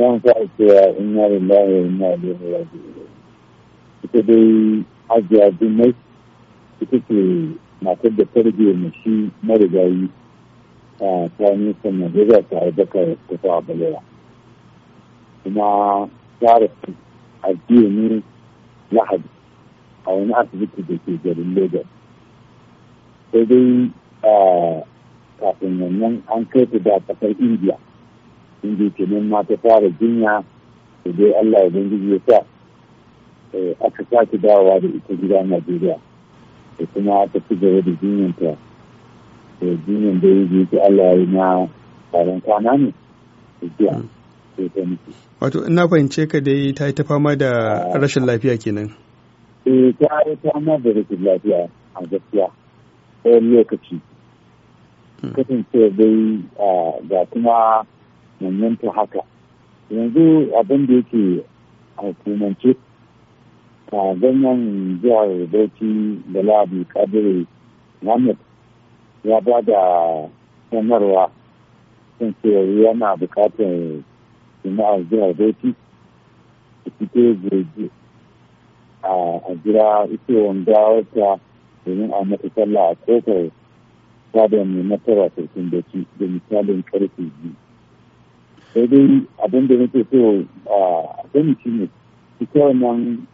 ran sa cewa inna lillahi wa inna ilaihi raji'un ita dai ajiya jummai ita ke matar da tarbe mu shi marigayi a tsanin sannan da za ta haibaka ta fa balera kuma ta rasu a ne lahadi a wani asibiti da ke garin lagos sai dai kafin wannan an kai ta da kasar indiya inda ke nan ma ta fara jinya da dai Allah ya bangiji ya sa eh, aka sake dawowa da ita gida Najeriya da kuma aka ci gaba da jinyanta da jinyan da yake Allah ya yi na taron kwana ne da hmm. Wato ina fahimce ka dai ta yi ta fama da ah. rashin lafiya kenan. Eh ta yi fama da rashin lafiya a gaskiya ɗayan lokaci. Hmm. Kasancewa dai ah, ga kuma manyanta haka yanzu abin da yake a hukumance a ganyen jihar bauchi da labi kadiri muhammad ya ba da sanarwa kan cewa yana bukatar jama'ar jihar bauchi da fito zirgi a jira wanda gawarta domin a mata sallah a kofar sabon mai nasara sarkin bauchi da misalin karfe biyu sai dai abin da nake so a sani shi ne ita wannan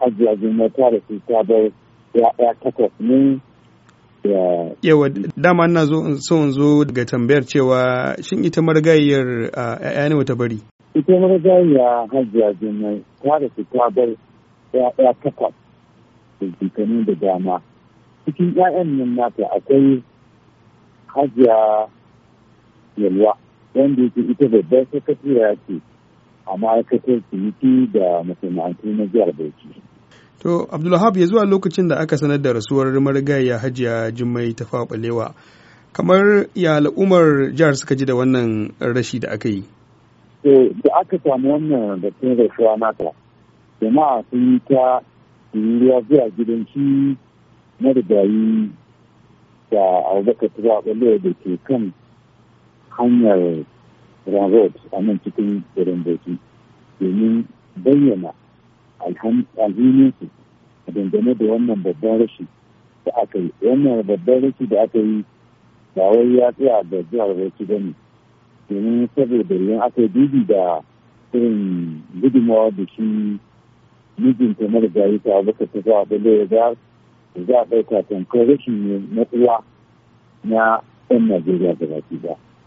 hajiya juma ta da su ta bar ya takwas ne yawa dama na so in zo daga tambayar cewa shin ita marigayiyar ya'ya ne wata bari ita marigayiya hajiya juma ta da su ta bar ya takwas da jikanu da dama cikin 'ya'yan nan nata akwai hajiya yalwa wanda yake ita babbar sakatariya ce a ma'aikatar ciniki da masana'antu na jihar Bauchi. To Abdulhab ya zuwa lokacin da aka sanar da rasuwar marigayya Hajiya Jummai ta faɓalewa. Kamar ya al'ummar jihar suka ji da wannan rashi da aka yi. To da aka samu wannan da tun rasuwa nata, jama'a sun yi ta ruwa zuwa gidan shi marigayi da abubakar ta faɓalewa da ke kan hanyar rarot a nan cikin garin bauchi domin bayyana su a dangane da wannan babban rashi da aka yi wannan babban rashi da aka yi ba wai ya tsaya da jihar bauchi ba ne domin saboda yin aka dubi da irin gudunmawa da shi mijinta mara gari ta baka ta zuwa da lura da za a ɗauka tamkar rashin na na 'yan najeriya da baki ba.